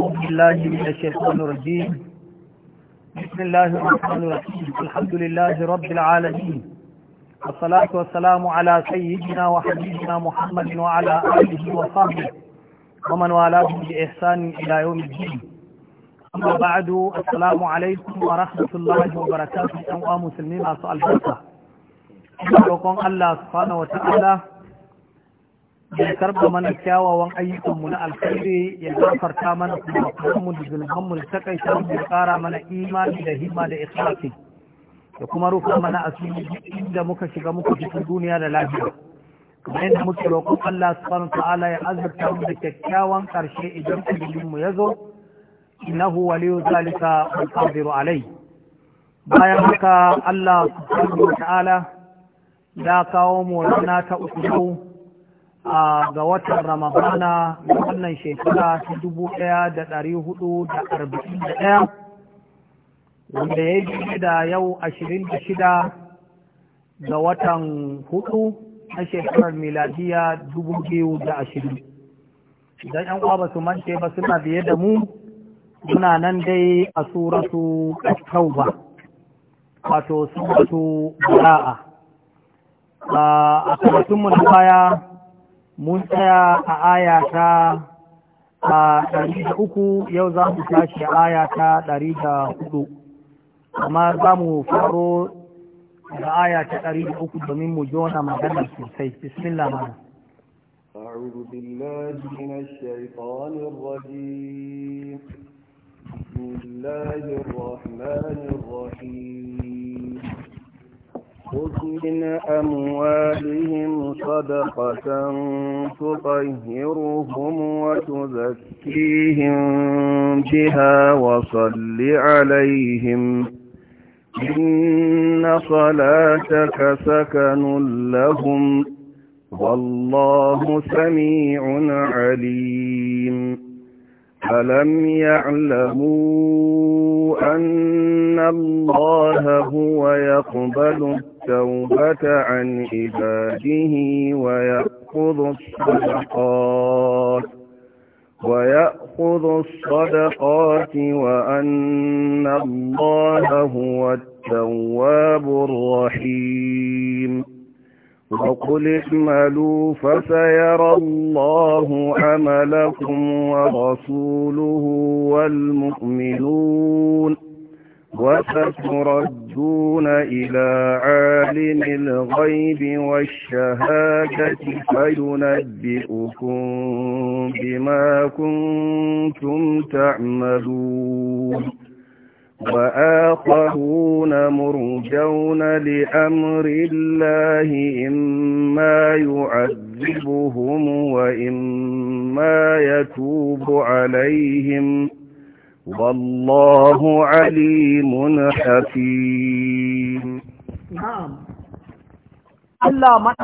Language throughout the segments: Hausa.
أعوذ بالله من الشيطان الرجيم بسم الله الرحمن الرحيم الحمد لله رب العالمين والصلاة والسلام على سيدنا وحبيبنا محمد وعلى آله وصحبه ومن والاه بإحسان إلى يوم الدين أما بعد السلام عليكم ورحمة الله وبركاته أمام مسلمين أسأل الله سبحانه وتعالى ya karba mana kyawawan ayyukanmu na alkhairi ya gafarta mana kuma da zulmanmu da takaita mu ya kara mana imani da himma da ikhlasi da kuma rufa mana asiri inda muka shiga muka jikin duniya da lafiya kamar yadda muke roƙon Allah subhanahu ta'ala ya azurta mu da kyakkyawan karshe idan ajalin mu yazo innahu waliyu zalika wal alai bayan haka Allah subhanahu ta'ala ya kawo mu rana ta uku a ga watan ramadana na wannan shekara ta dubu ɗaya da dari hudu da arba'in da ɗaya wanda ya yi da yau ashirin da shida ga watan hudu na shekarar miladiya dubu biyu da ashirin idan yan uwa ba su mance ba suna biye da mu Suna nan dai a suratu tauba wato suratu bara'a a karatunmu na baya mun tsaya a aya ta a ɗari da uku yau za mu tashi aya ta ɗari da hudu amma za mu faro da aya ta ɗari da uku domin mu jona magana sosai bismillah mana أعوذ بالله من الشيطان الرجيم بسم الله الرحمن الرحيم خذ من أموالهم صدقة تطهرهم وتزكيهم بها وصل عليهم إن صلاتك سكن لهم والله سميع عليم ألم يعلموا أن الله هو يقبل التوبة عن عباده ويأخذ الصدقات ويأخذ الصدقات وأن الله هو التواب الرحيم وقل اعملوا فسيرى الله عملكم ورسوله والمؤمنون وستردون إلى عالم الغيب والشهادة فينبئكم بما كنتم تعملون وآخرون مرجون لأمر الله إما يعذبهم وإما يتوب عليهم والله عليم حكيم نعم الله ما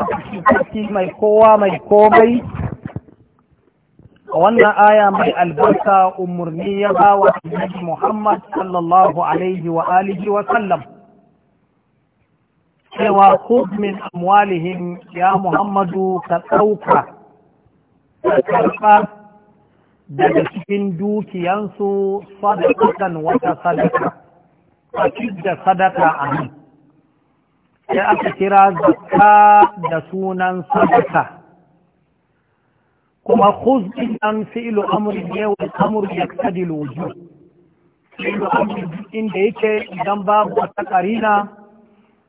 تحكي ما يكوى ما يكوى wannan aya mai albarka umarni ya ba wa annabi Muhammad sallallahu alaihi wa wa sallam cewa khudh min amwalihim ya Muhammadu ka ɗauka karɓa daga cikin dukiyansu sadaqatan wata sadaka a da sadaka a nan sai aka kira zaka da sunan sadaka kuma din an fi'lu amri kadi amri yaktadi alwujub fi'lu amri inda yake idan babu wata karina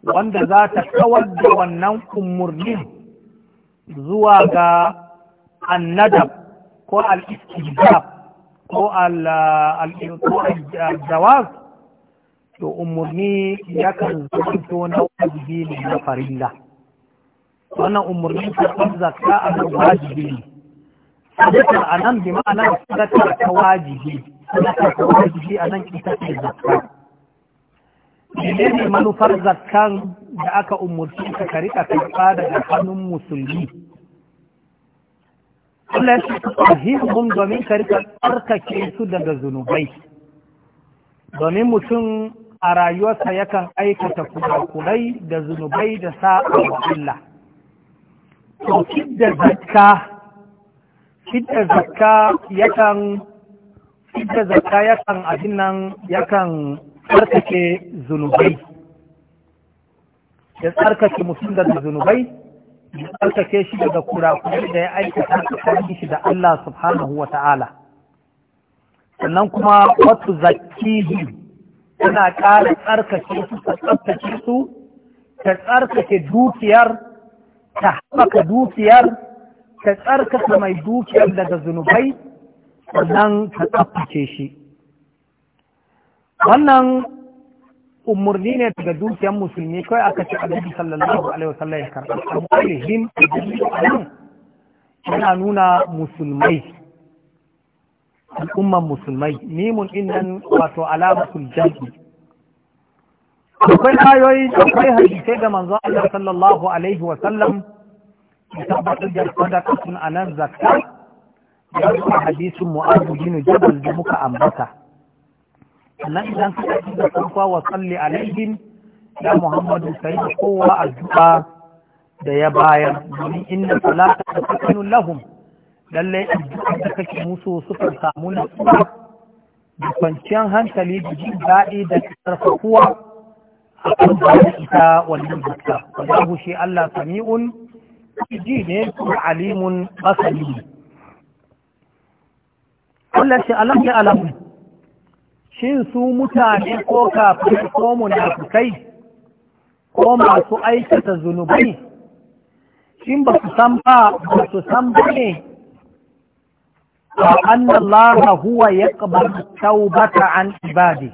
wanda za ta kawar da wannan kumurni zuwa ga annadab ko al-istijab uh, ko al-jawaz to umarni yakan zuwa na wajibi ne na farilla wannan umarnin karɓar zakka a nan wajibi ne sadakar a nan bi ma'ana sadakar ta wajibi sadakar ta wajibi a nan ita ce zakka menene manufar zakkan da aka umarci ka ka riƙa karɓa daga hannun musulmi Allah shi tahirhum domin ka rika tsarkake su daga zunubai domin mutum a rayuwarsa yakan aikata kurakurai da zunubai da sa'a wa Allah to fidda zakka fidda zakka yakan fidda zakka yakan abin nan yakan tsarkake zunubai ya tsarkake mutum daga zunubai da tsarkake shi daga kurakuri da ya aikata tsakanin shi da Allah subhanahu wa ta'ala sannan kuma wasu yi, tana ƙara tsarkake su ta tsarkake su ta tsarkake dukiyar ta haɓaka dukiyar ta tsarkake mai dukiyar daga zunubai sannan ta tsarkake shi wannan umarni ne daga dukiyar musulmi kawai aka ce annabi sallallahu alaihi wasallam ya karɓa almu'alihim yana nuna musulmai al'umman musulmai nimun innan wato alamatul jam'i akwai ayoyi akwai hadisai da manzo Allah sallallahu alaihi wa sallam ya tabbatar da sun anan zakka ya zo hadisin mu'adh bin jabal da muka ambata sannan idan ka ɗauki da farko wa salli alaihim ya muhammadu sai da kowa addu'a da ya bayar domin inna salata da sakanun lahum lallai addu'a da kake musu suka samu nasuwa da kwanciyar hankali da jin daɗi da ƙarfafuwa a kan da ita wannan zakka wallahu shi Allah sami'un ji ne kuma alimun basali Allah shi alam ya alamu shin su mutane ko kafin ko munafukai ko masu aikata zunubai shin ba su san ba ba su san ba ne وأن الله هو يقبل التوبة an ibadi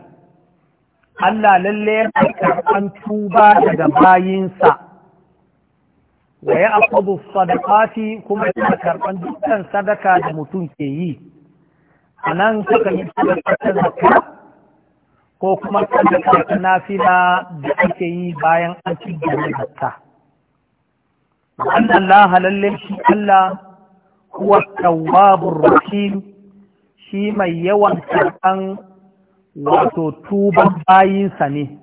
Allah lalle yana karɓar tuba daga bayinsa wa ya aqdu sadaqati kuma yana karɓar dukkan sadaka da mutum ke yi a nan suka yi sadakar zakka ko kuma sadakar ta nafila da ake yi bayan an ci gaba zakka wannan la halalle shi Allah huwa tawwabur rahim shi mai yawan karɓan wato tuban bayinsa ne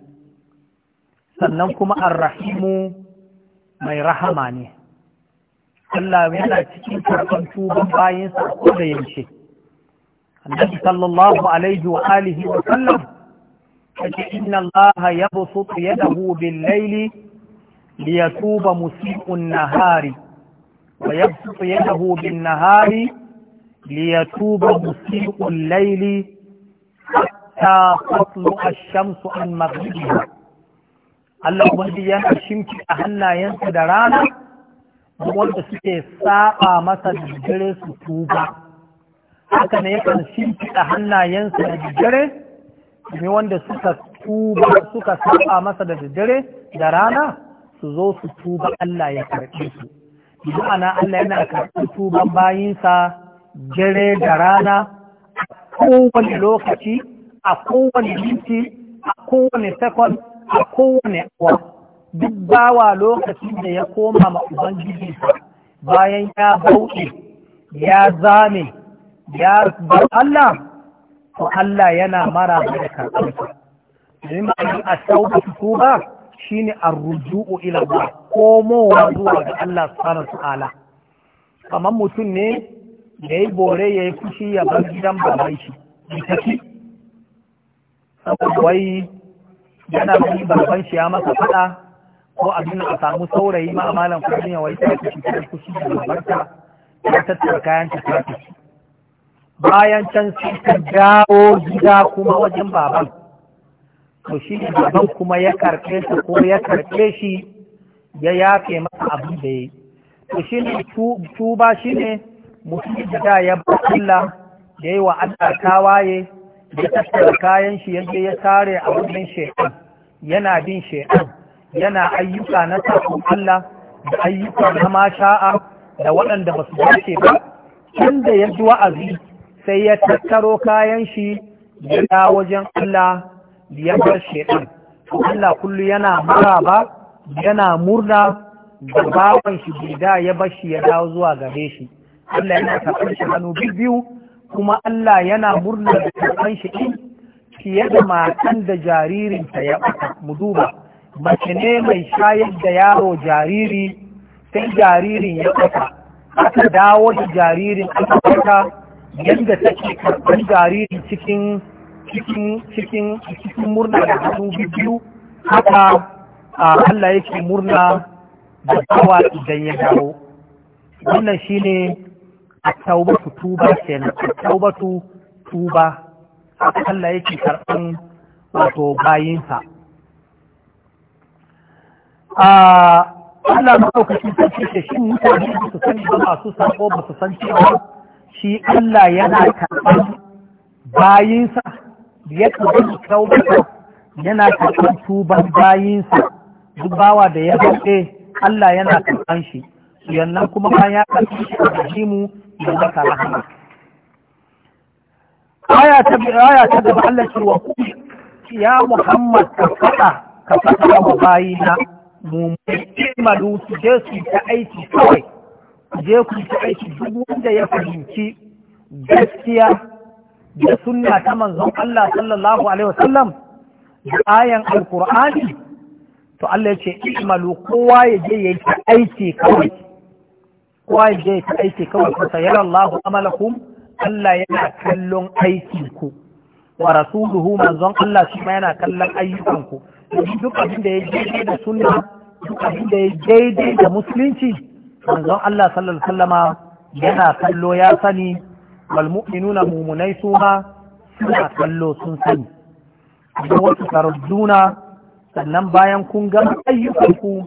sannan kuma arrahimu mai rahama ne Allah yana cikin karɓan tuban bayinsa ko da yaushe annabi sallallahu alaihi wa alihi wa sallam yace inna allaha yabsutu yadahu bil layli liyatuba musii'un nahari wa yabsutu yadahu bin nahari liyatuba musii'ul layli hatta tatlu'a ash-shamsu an maghribiha Allah ubangiji yana shimki a hannayensa da rana wanda suke saba masa da dare su tuba haka ne yakan shimfiɗa hannayensa da daddare ne wanda suka tuba suka saba masa da daddare da rana su zo su tuba Allah ya karɓi su ma'ana Allah yana karɓi tuban bayinsa dare da rana a kowane lokaci a kowane minti a kowane sekon a kowane awa duk bawa lokacin da ya koma ma ubangiji bayan ya bauɗe ya zame ya bar Allah to Allah yana mara da karɓarsa domin ma'anar a tauba su ba shine arruju'u ila Allah komowa zuwa ga Allah subhanahu ta'ala kamar mutum ne da yi bore ya yi fushi ya bar gidan baban shi tafi saboda wai yana gani baban shi ya masa faɗa ko abin a samu saurayi ma a malam kudin ya wai ta fushi ta fushi da babarta ta tattara kayan ta ta bayan can sai ka dawo gida kuma wajen baban to shi baban kuma ya karɓe ta ko ya karɓe shi ya yafe masa abin da ya yi to shi ne tuba shi ne mutum da ya ba Allah da yi wa Allah tawaye ya tattara kayan shi yadda ya tare a wajen shekan yana bin shekan yana ayyuka na tafi Allah da ayyuka na masha'a da waɗanda ba su dace ba inda ya ji wa'azi sai ya tattaro kayan shi ya wajen Allah ya bar shaitan Allah kullu yana maraba yana murna da bawan shi guda ya bar shi ya dawo zuwa gare shi Allah yana karɓar shi hannu biyu kuma Allah yana murna da shi din fiye da matan da jaririnta ya ɓata mu duba mace ne mai shayar da yaro jariri sai jaririn ya ɓata aka dawo da jaririn aka ɓata yadda take karɓar jariri cikin cikin cikin cikin murna da hannu biyu haka Allah yake murna da tsawa idan ya dawo wannan shine a taubatu tuba kenan a taubatu tuba haka Allah yake karɓar wato bayinsa a Allah maɗaukacin sarki ce shi mutane su sani ba masu sako ba su san cewa shi Allah yana karɓar bayinsa ya karɓar taubata yana karɓar tuban bayinsa duk bawa da ya haɗe Allah yana karɓar shi yannan kuma bayan ya karɓar shi a jimu da zaka rahama aya ta aya ta gaba Allah shi wa ya Muhammad ka faɗa ka faɗa wa bayina mu mu malu su je su ta aiki kawai je ku ci aiki duk wanda ya fahimci gaskiya da sunna ta manzon Allah sallallahu alaihi wasallam da ayan alqur'ani to Allah ya ce imalu kowa ya je ya yi aiki kawai kowa ya je ya aiki kawai fa sayallahu amalakum Allah yana kallon aikin ku wa rasuluhu manzon Allah shi ma yana kallon ayyukan ku duk abin da ya je da sunna duk abin da ya je da musulunci manzon Allah sallallahu sallama yana kallo ya sani wal mu'minuna mumunai su ma suna kallo sun sani da wasu tarjuna sannan bayan kun gama ayyukanku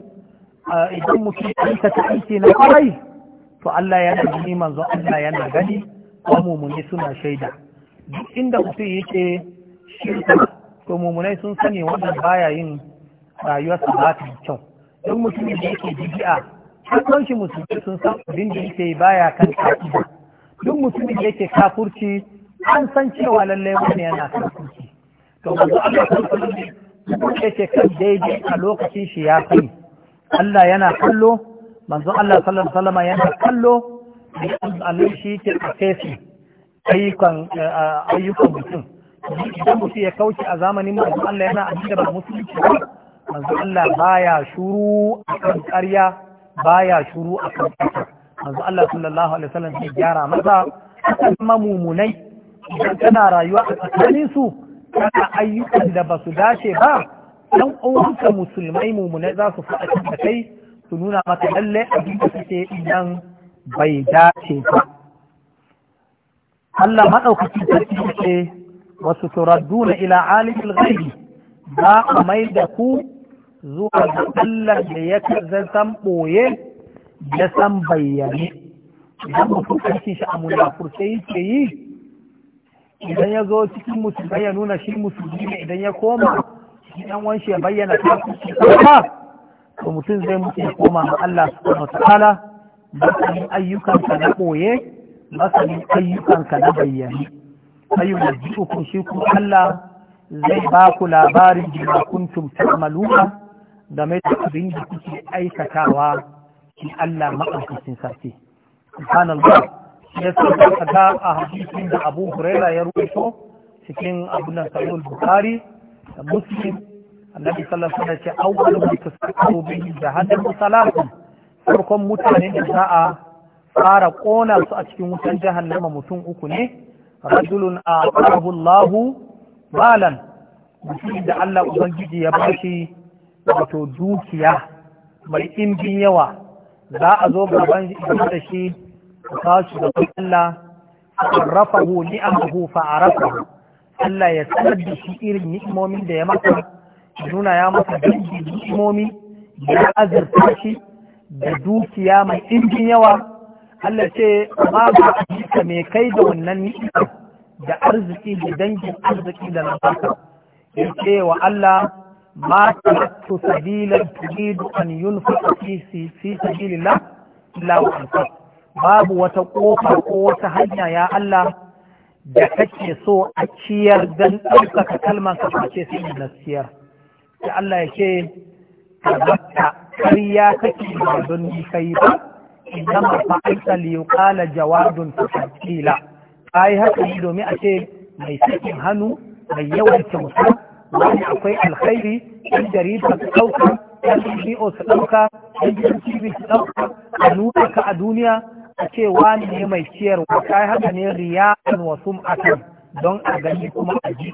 idan mutum ta aiki na kwarai to Allah yana gani manzon Allah yana gani ko mumuni suna shaida duk inda mutum yake shirka to mumunai sun sani wannan baya yin rayuwarsa ba ta kyau Don mutumin da yake bibi'a an shi musulmi sun san abin da yake baya kan kafirci duk mutumin da yake kafurci an san cewa lallai wani yana kafurci to manzo Allah sallallahu alaihi wasallam yake kan daidai a lokacin shi ya kai Allah yana kallo manzo Allah sallallahu alaihi yana kallo da Allah shi ke kafesi ayyukan eh, ayyukan mutum idan mutum ya kauce a zamanin manzo Allah yana abin da ba musulunci ba manzo Allah baya shuru a kan ƙarya baya shuru a kan ƙasa manzo Allah sallallahu alaihi wasallam sai gyara masa kuma mumunai idan kana rayuwa a tsakanin su kana ayyukan da ba su dace ba dan uwanka musulmai mumunai za su faɗa da kai su nuna maka lalle abin da kake idan bai dace ba Allah maɗaukaci ta ce wasu turadduna ila alimul ghaibi za a mai da ku zuwa ga Allah da ya san ɓoye ya san bayyane idan mutum aiki shi a munafurce yake yi idan ya zo cikin mutum ya nuna shi musulmi ne idan ya koma idan wanshi ya bayyana kafirci kuma to mutum zai mutu ya koma ma Allah subhanahu wataala masanin ayyukanka na ɓoye masanin ayyukanka na bayyane ayyukan shi kuma Allah zai ba ku labarin jima kuntum ta'maluna game da abin da kuke aikatawa ki Allah maɗaukacin sarki. Subhanallah ya so da kada a hadisin da Abu Huraira ya rubuto cikin abunan Sahih Bukhari da Muslim Annabi sallallahu alaihi wasallam ya ce awwalu bi tasaqaru bi jahannam salatun farkon mutane da za a fara kona su a cikin wutan jahannama mutum uku ne rajulun a Allahu malan mutum da Allah ubangiji ya bashi wato dukiya mai ɗimbin yawa za a zo gaban da shi ka shi da Allah sarrafahu ni'amahu fa arafahu Allah ya sanar da shi irin ni'imomin da ya maka nuna ya maka dangi ni'imomi ya azurta shi da dukiya mai ɗimbin yawa Allah ce ma ba ka me kai da wannan ni'ima da arziki da dangin arziki da na baka ya ce wa Allah ما تركت سبيلا تريد أن ينفق فيه في سبيل الله إلا وأنفق باب وتقوف قوة هيا يا الله da kake so a ciyar don ɗaukaka kalmar ka face da nasiyar da Allah ya ce tabbata kariya kake ba don ni kai ba idan ba fa'aita li yuqala jawadun haka yi domin a ce mai sakin hannu mai yawan kyauta wani akwai alkhairi ɗan jarida su ɗauka ɗan bidiyo su ɗauka ɗan gidan tv su ɗauka a nuna ka a duniya a ce wani ne mai ciyarwa ta haka ne wa wasu akan don a gani kuma a ji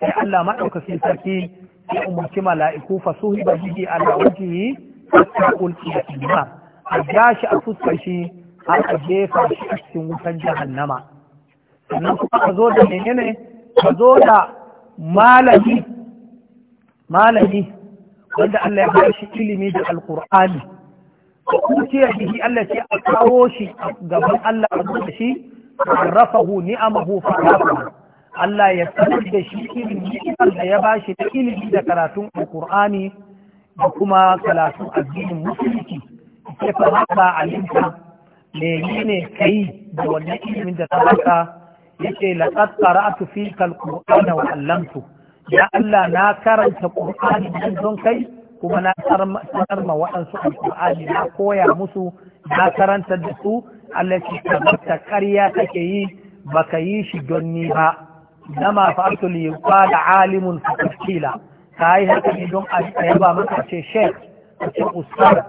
sai Allah maɗaukacin sarki ya umarci mala'iku fa su hiba jiki ala wajihi hatta ulqiya fi a ja shi a fuskar shi har a jefa shi a cikin wutan jahannama sannan kuma a zo da menene a zo da malami malami wanda Allah ya ba shi ilimi da alkur'ani ko kuma ce shi Allah ce a kawo shi gaban Allah a da shi rafahu ni'amahu fa rafahu Allah ya sanar da shi ilimi Allah ya ba shi da ilimi da karatun alkur'ani da kuma karatun addinin musulunci ya fa haka alimta menene kai da wannan ilimin da ta haka yake laqad qara'tu fika alqur'ana wa 'allamtu ya Allah na karanta qur'ani dan don kai kuma na sanar ma waɗansu alqur'ani na koya musu na karanta da su Allah ki tabbata ƙarya take yi baka yi shi don ni ba nama fa'altu li yuqala alimun fakila yi haka ne don a yaba maka ce sheikh ce ustad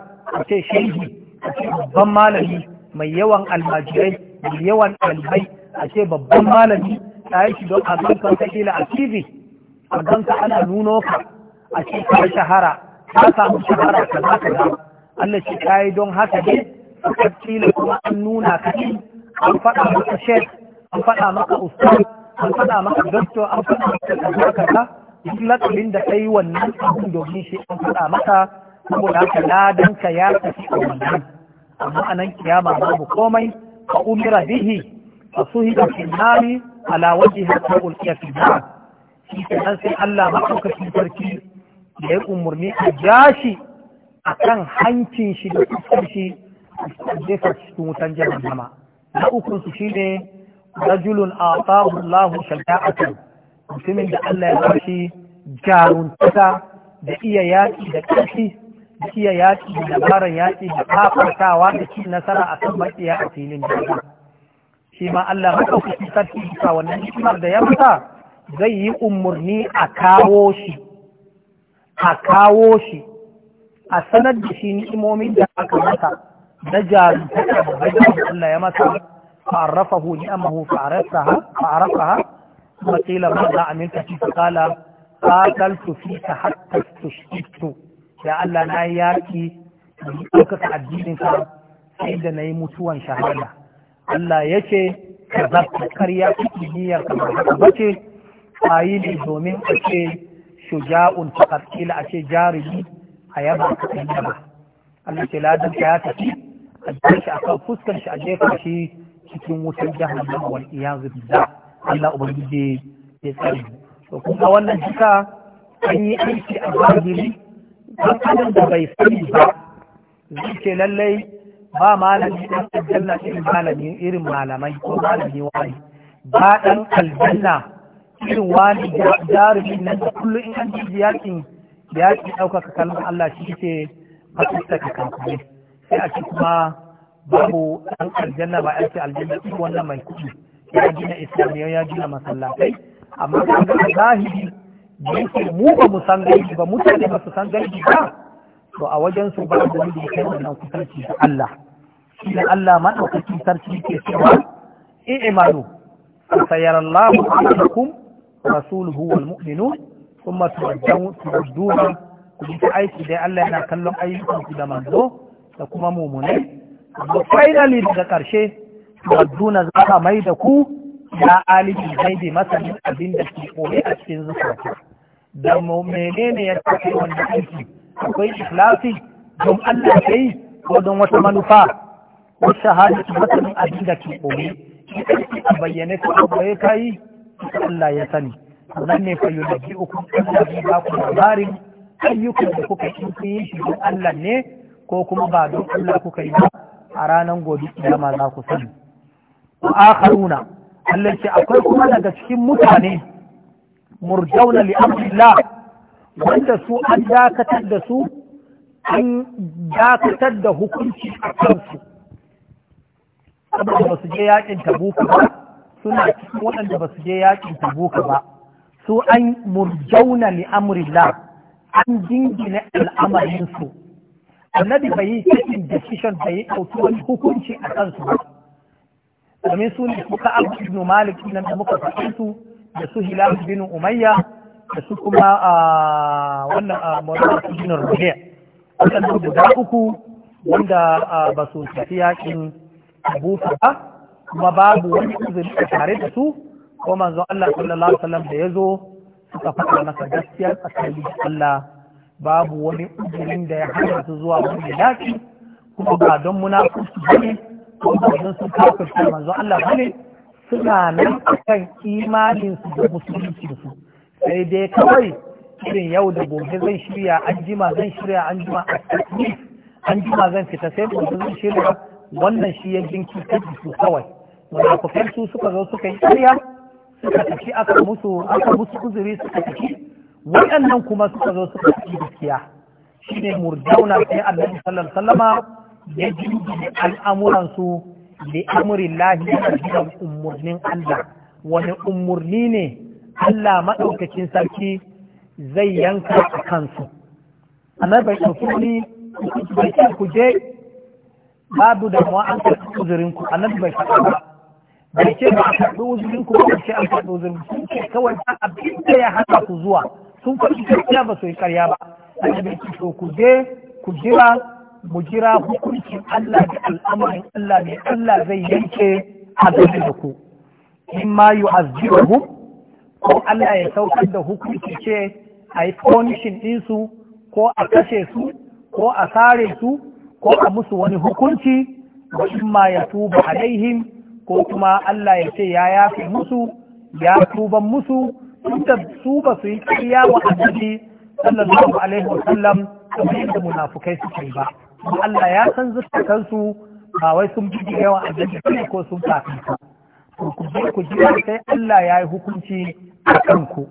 ce shehi ce babban malami mai yawan almajirai mai yawan ɗalibai a ce babban malami ta yi shi don abin kan wata kila a tv a ganka ana nuno ka a ce ka shahara ta samu shahara ka za ka ga Allah shi ta yi don haka ne a kila kuma an nuna ka ne an faɗa maka shek an faɗa maka ustaz an faɗa maka doctor an faɗa maka kaza za duk lakabin da yi wannan abin domin shi an faɗa maka saboda ka ladanka ya tafi a wannan amma anan kiyama babu komai ka umira bihi فصهد في النار على وجهها تلقي في النار shi kenan sai Allah maɗaukacin sarki da ya umarni a gashi shi a kan hancin shi da fuskar shi a jefa cikin wutan jahannama na ukun su shine rajulun atahu Allahu shaja'atan mutumin da Allah ya ba shi jaruntaka da iya yaƙi da ƙarfi da iya yaƙi da dabarar yaƙi da kafartawa da cin nasara akan maƙiya a filin jahannama Sai ma Allah maɗaukaki sarki bisa wannan hikimar da ya fita zai yi umarni a kawo shi a kawo shi a sanar da shi ni'imomin da aka mata na jarumta da da Allah ya masa fa'arrafahu ni'amahu fa'arrafaha fa'arrafaha kuma ma za a minta shi kala qataltu fika hatta tushkitu ya Allah na yaki da ɗaukaka addinin ka sai da na yi mutuwan shahada Allah ya ce ka zafi karya cikin niyyar kamar haka bace a yi ne domin a ce shuja'un taƙaƙila a ce jarumi a yaba ka ba Allah ce ladan ya tafi a jefa shi kan fuskar shi a jefa shi cikin wutar jihar wal iyazu billah Allah ubangiji ya tsare to kuma wannan jika an yi aiki a zahiri dan adam da bai sani ba zai ce lallai ba malami ɗan aljanna irin malami irin malamai ko malami wani ba ɗan aljanna irin wani jarumi nan da kullum in an ji yakin yaki ɗaukaka kalmar Allah shi ke fasista ka kankare sai a ci kuma babu ɗan aljanna ba ake aljanna ɗin wannan mai kuɗi ya gina islamiyya ya gina masallatai amma kan ga zahiri da yake mu ba mu san gaibi ba mutane ba su san gaibi ba to a wajen su ba da wanda ya wannan kusanci da Allah shi da Allah madaukakin sarki ke cewa i'malu sayarallahu alaikum rasuluhu wal mu'minun kuma tuwadduna ku bi aiki dai Allah yana kallon ayyukan da manzo da kuma mumunai da finally daga karshe aduna za ka mai da ku ya alibi zai masanin abin da ke koyi a cikin zuciya da menene ya tafi wannan aiki akwai ikhlasi don Allah ya yi ko don wata manufa ko shahada ta masanin abin da ke koyi a bayyane ko kai Allah ya sani nan ne fa yulaji uku Allah ya ba ku labarin ayyukan da kuka yi yi shi don Allah ne ko kuma ba don Allah kuka yi ba a ranar gobe kiyama za ku sani wa akharuna Allah ce akwai kuma daga cikin mutane murjauna li amrillah wanda su an dakatar da su an dakatar da hukunci a kansu saboda ba su je yakin tabuka ba suna cikin waɗanda ba su je yakin tabuka ba su an murjauna li amrillah an jingina al'amarinsu annabi bai yi cikin decision bai yi ɗauki wani hukunci a kansu ba domin su ne suka abu ibn malik nan da muka faɗi su da su hilal bin umayya da su kuma a wannan a mawar sujinar guda uku wanda ba su tafi yakin busa ba kuma babu wani uzuri a tare da su ko manzon Allah sallallahu alaihi wasallam da ya zo suka faɗa masa gaskiya tsakanin Allah babu wani uzurin da ya hana su zuwa wani yaki kuma ba don muna bane ko ba don sun manzon Allah bane suna nan kan imanin su da musulunci su sai dai kawai irin yau da gobe zan shirya an jima zan shirya an jima a an jima zan fita sai gobe zan shirya wannan shi ya jinki ta su kawai munafukai su suka zo suka yi ƙarya suka tafi aka musu aka musu uzuri suka tafi waɗannan kuma suka zo suka tafi gaskiya ne murdauna sai annabi sallallahu alaihi ya jinki al'amuran su bi amrillahi da umarnin Allah wani umarni ne Allah maɗaukacin sarki zai yanka a kansu amma bai ɗauki bai ku je babu da mawa an karɓi uzurinku annabi bai faɗa ba bai ce ba a karɓi uzurinku ku ba ce an karɓi uzurinku sun ce kawai ta abin da ya haɗa ku zuwa sun faɗi kuna ba su yi ƙarya ba annabi ce to ku je ku jira mu jira hukuncin Allah da al'amarin Allah ne Allah zai yanke a da ku in ma yu'azzibuhum ko Allah ya saukar da hukunci ce a yi punishing ɗinsu ko a kashe su ko a sare su ko a musu wani hukunci wa ma ya tuba alaihim ko kuma Allah ya ce ya yafe musu ya tuban musu inda su ba su yi kariya wa annabi sallallahu alaihi wa sallam kamar yadda munafukai suke ba ba Allah ya san su, ba wai sun bi yawa annabi ko sun kafin ku ku ji sai Allah ya yi hukunci a kanku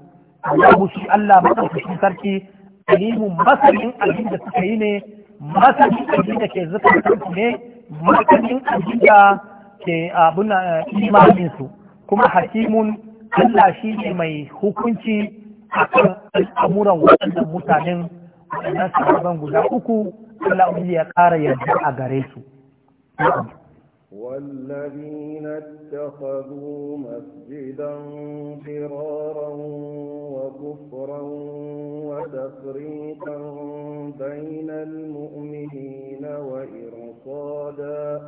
babu shi Allah madaukakin sarki alimun masanin abin da suka yi ne masanin abin da ke zukatansu ne masanin abin da ke abin eh, imaninsu kuma hakimun Allah shi ne mai hukunci a kan al'amuran waɗannan mutanen waɗannan sahabban guda uku Allah ya ƙara yanzu a gare su. والذين اتخذوا مسجدا ضرارا وكفرا وتفريقا بين المؤمنين وإرصادا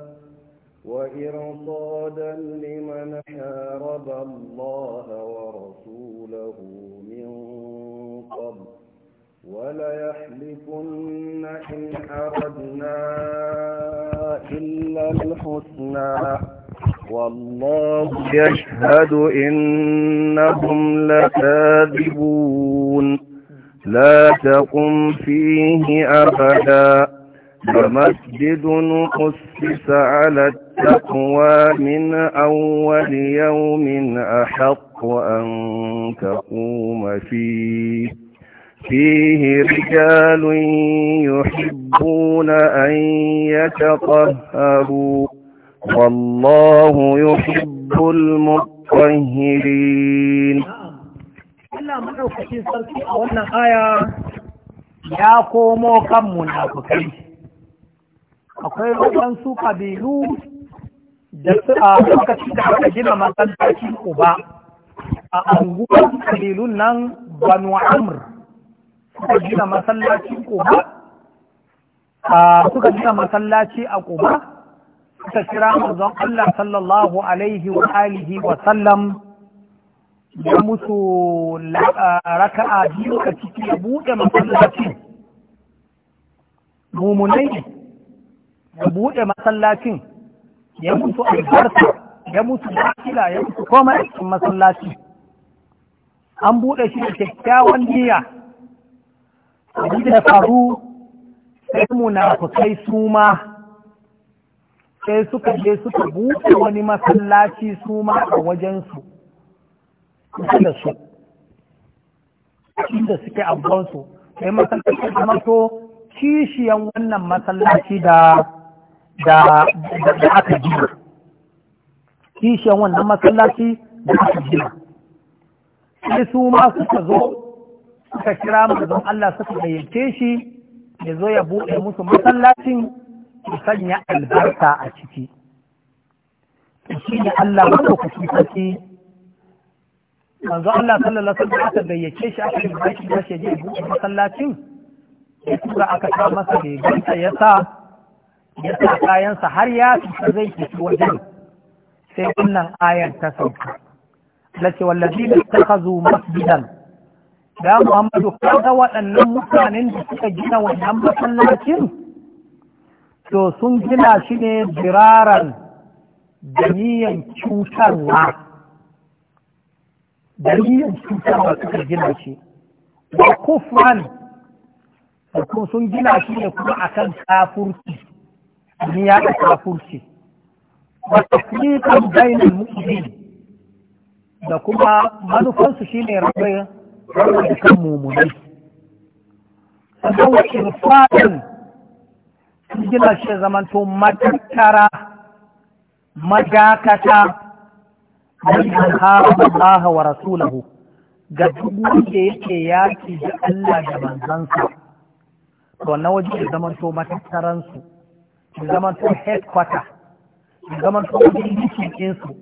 وإرصادا لمن حارب الله ورسوله من قبل وليحلفن إن أردنا إلا الحسنى والله يشهد إنهم لكاذبون لا تقم فيه أبدا فمسجد قسس على التقوى من أول يوم أحق أن تقوم فيه فيه na يحبون أن يتطهروا والله يحب المطهرين Allah maɗaukacin sarki a wannan haya. ya komo kan munafukai akwai waɗansu ƙabilu da a lokacin da aka gina masallacin uba a anguwar ƙabilun nan banu amr suka gina masallaci ƙoba suka gina masallaci a ƙoba suka kira manzon Allah sallallahu alaihi wa alihi wa sallam ya musu raka'a biyu a ciki ya buɗe masallacin mumunai ya buɗe masallacin ya musu albarka ya musu ya musu komai a cikin masallaci an buɗe shi da kyakkyawan niyya abin da faru sai kai su ma sai suka je suka buɗe wani masallaci su ma a wajensu da su inda suke abbansu sai masallaci zama to kishiyan wannan masallaci da da da aka gina kishiyan wannan masallaci da aka gina sai su ma suka zo suka kira manzon Allah suka gayyace shi ya zo ya buɗe musu masallacin su sanya albarka a ciki shi ne Allah wanda ku shi saki manzo Allah sallallahu alaihi wasallam aka gayyace shi aka yi bashi da shi ya buɗe masallacin ya tura aka sa masa da ya sa ya sa kayansa har ya fita zai fita wajen sai wannan ayar ta sauka lace wallazina masu masjidan da Muhammadu kaga waɗannan mutanen da suka gina wannan masallacin to sun gina shi ne biraran da niyan cutarwa da niyan cutarwa suka gina shi da kufran kuma sun gina shi ne kuma akan kafurci ni ya da kafurci wa tafriqan bainal mu'minin da kuma manufansu shine rabai rarra da kan mummunai sannan wa irfadin sun gina shi zamanto matattara madakata mai harba Allah wa rasulahu ga duk wanda yake yaki da Allah da manzansa to na waje ya zamanto matattaransu ya zamanto headquarter ya zamanto wajen yankin ɗinsu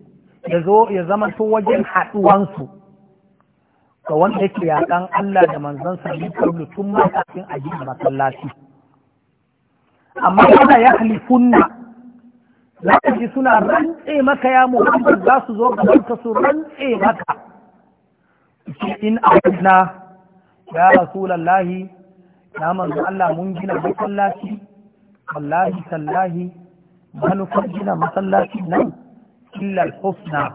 ya zamanto wajen haɗuwansu ga wanda yake yaƙan Allah da manzansa ne kallu tun ma kafin a gina masallaci amma kada ya halifunna za ka ji suna rantse maka ya Muhammad za su zo ga ka su rantse maka in awadna ya rasulallahi ya manzo Allah mun gina masallaci wallahi sallahi, manufar gina masallaci nan illa husna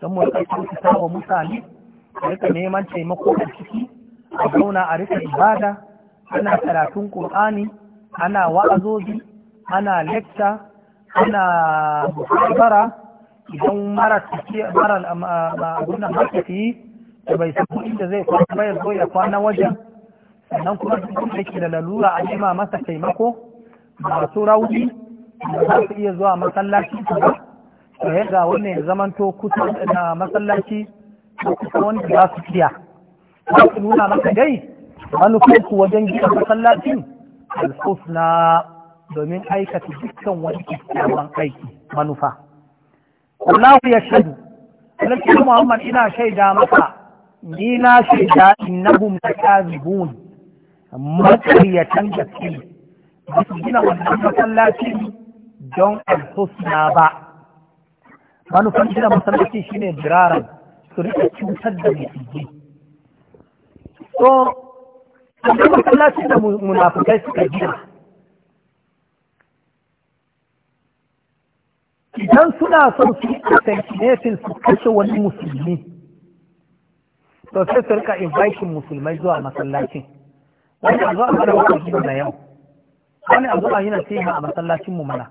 don mu rika samu mutane a rika neman taimako a ciki a zauna a rika ibada ana karatun ƙur'ani ana wa'azobi ana lecta ana musabara idan mara tafiya mara um, uh, um, uh, abin da da bai sabu inda zai kwana bayar zo ya kwana wajen sannan kuma duk da ke da lalura a jima masa taimako masu rauni da za su iya zuwa masallaci ba to ga wannan ya zamanto kusa na masallaci ko wanda za su kiya za su nuna maka dai ku wajen gina masallacin alhusna domin aikata dukkan wani kyakkyawan aiki manufa Allah ya shaidu Alaihi Muhammad ina shaida maka ni na shaida innahum lakazibun matsariyatan gaske ba su gina wannan masallacin don alhusna ba manufan gina masallaci shine jiraran su rika cutar da So, a amma masallacin da munafukai suka gina idan suna son su yi assassinatin su kashe wani musulmi to sai su rika inviting musulmai zuwa masallacin wani a zuwa mana gina na yau wani a zuwa yana sai a masallacin mu mana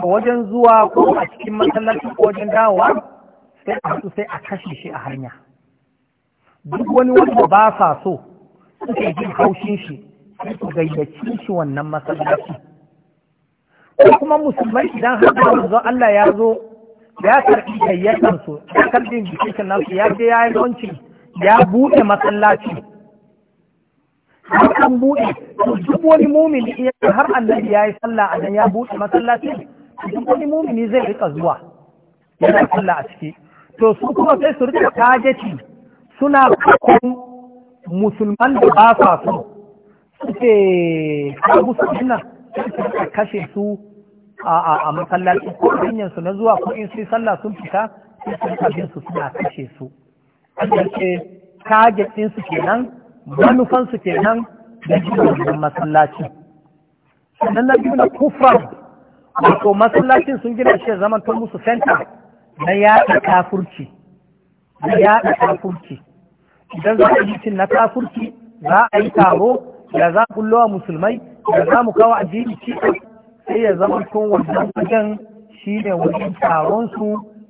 to wajen zuwa ko a cikin masallacin ko wajen dawowa sai a su sai a kashe shi a hanya duk wani wanda ba sa so suke jin haushin shi sai su gayyaci shi wannan masallaci ko kuma musulmai idan har da manzo Allah ya zo ya karbi gayyatar su ya karbi bikin nasu ya je ya yi launci ya buɗe masallaci har an buɗe to duk wani mumini har annabi ya yi sallah a nan ya buɗe masallaci duk wani mumini zai rika zuwa yana sallah a ciki to su kuma sai su rika tajeci suna kakon musulman da ba sa su suke kabu su suna suka kashe su a masallaci ko hanyar su na zuwa ko in sai salla sun fita sai su rika su suna kashe su Allah ce target su kenan manufan su kenan da jikin masallaci sannan na biyu na kufar wato masallacin sun gina shi zaman ta musu senta. na yaɗa kafurci na yaɗa kafurci idan za a yi na kafurci za a yi taro da za a wa musulmai da za mu kawo addini ci sai ya zama tun wannan wajen shi ne wajen taron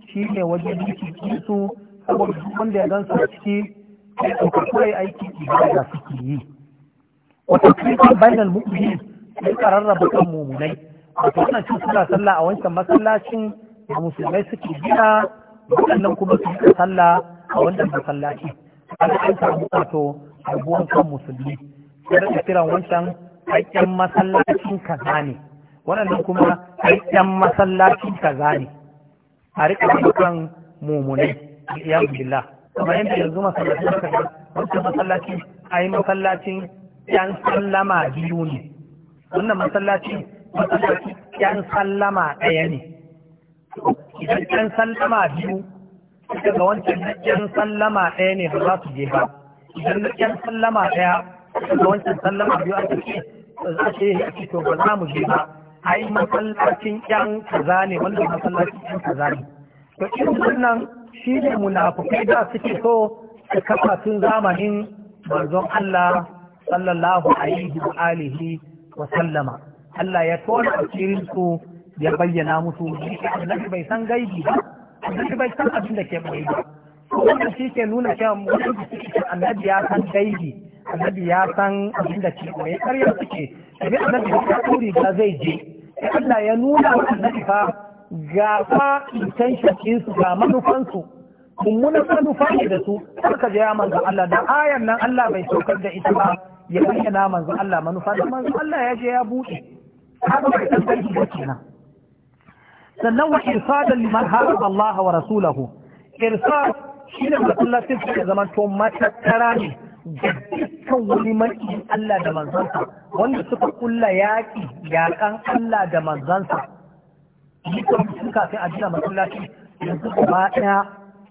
shi ne wajen rikici su saboda duk wanda ya gansu a ciki sai ɗauka kawai aiki ibada suke yi wata kirkin bainal mu'minin sai ka rarraba kan mumunai wato wannan cin suna sallah a wancan masallacin ya musulmai suke gina waɗannan kuma su yi sallah a wannan masallaci kaga an samu wato buwan kan musulmi sai da kiran wancan haƙƙen masallacin kaza ne waɗannan kuma haƙƙen masallacin kaza ne a riƙa kan mumunai iyan billah kamar yadda yanzu masallacin kaza wancan masallacin ai masallacin yan sallama biyu ne wannan masallacin masallacin yan sallama ɗaya ne idan sallama biyu daga wancan jirgin sallama ɗaya ne ba za su je ba jirgin sallama ɗaya daga wancan sallama biyu aka ce za su yi ake to ba za mu je ba ai masallacin ƴan kaza ne wanda masallacin ƴan kaza ne to in wannan shi ne munafukai da suke so su kafa tun zamanin manzon Allah sallallahu alaihi wa alihi wa sallama Allah ya tona asirin su ya bayyana musu annabi bai san gaibi ba annabi bai san abin da ke boye ba wannan shi ke nuna cewa mutum annabi ya san gaibi annabi ya san abin da ke boye karya suke abin annabi ya san riga zai je Allah ya nuna wa annabi fa ga fa intention din su ga manufansu mummunan manufa ne da su suka je ya manzo Allah da ayan nan Allah bai saukar da ita ba ya bayyana manzo Allah manufa da manzo Allah ya je ya buɗe haka bai san gaibi ba kenan sannan wa irsadan liman harab Allah wa rasulahu irsad shine masallacin da zaman to matattara ne ga dukkan wani maƙiyin Allah da manzansa wanda suka kulla yaƙi yaƙan Allah da manzansa dukkan suka kafin a gina masallaci yanzu gaba ɗaya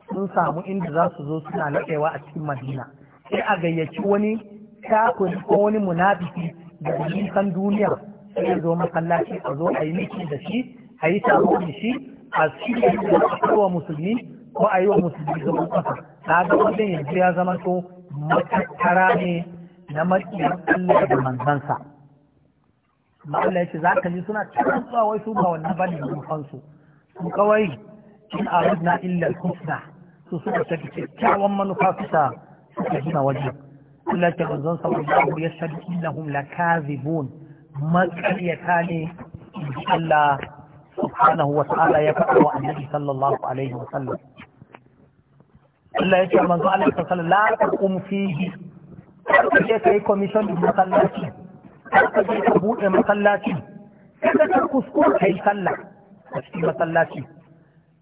sun samu inda za su zo suna laɗewa a cikin Madina sai a gayyaci wani kafin ko wani munafiki da nisan duniya sai zo masallaci a zo a yi miki da shi a yi taro da shi a shirya da wa musulmi ko a yi wa musulmi zaman kasa ta ga wannan yanzu ya zama to matattara ne na makiyar Allah da manzansa Allah ya ce za ka ji suna cikin zuwa wai su ba wannan bane da mufansu su kawai in aradna illa al su suka tafi kyakkyawan manufa suka suka gina waje Allah ta manzon sallallahu ya la innahum lakazibun maƙaryata ne Allah subhanahu wa ta'ala ya faɗa wa annabi sallallahu alaihi wa sallam Allah ya ce manzo Allah ya sallallahu la taqum fihi kar ka je kai commission din masallaci kar ka je ka bude masallaci kada ka kuskure kai sallah a cikin masallaci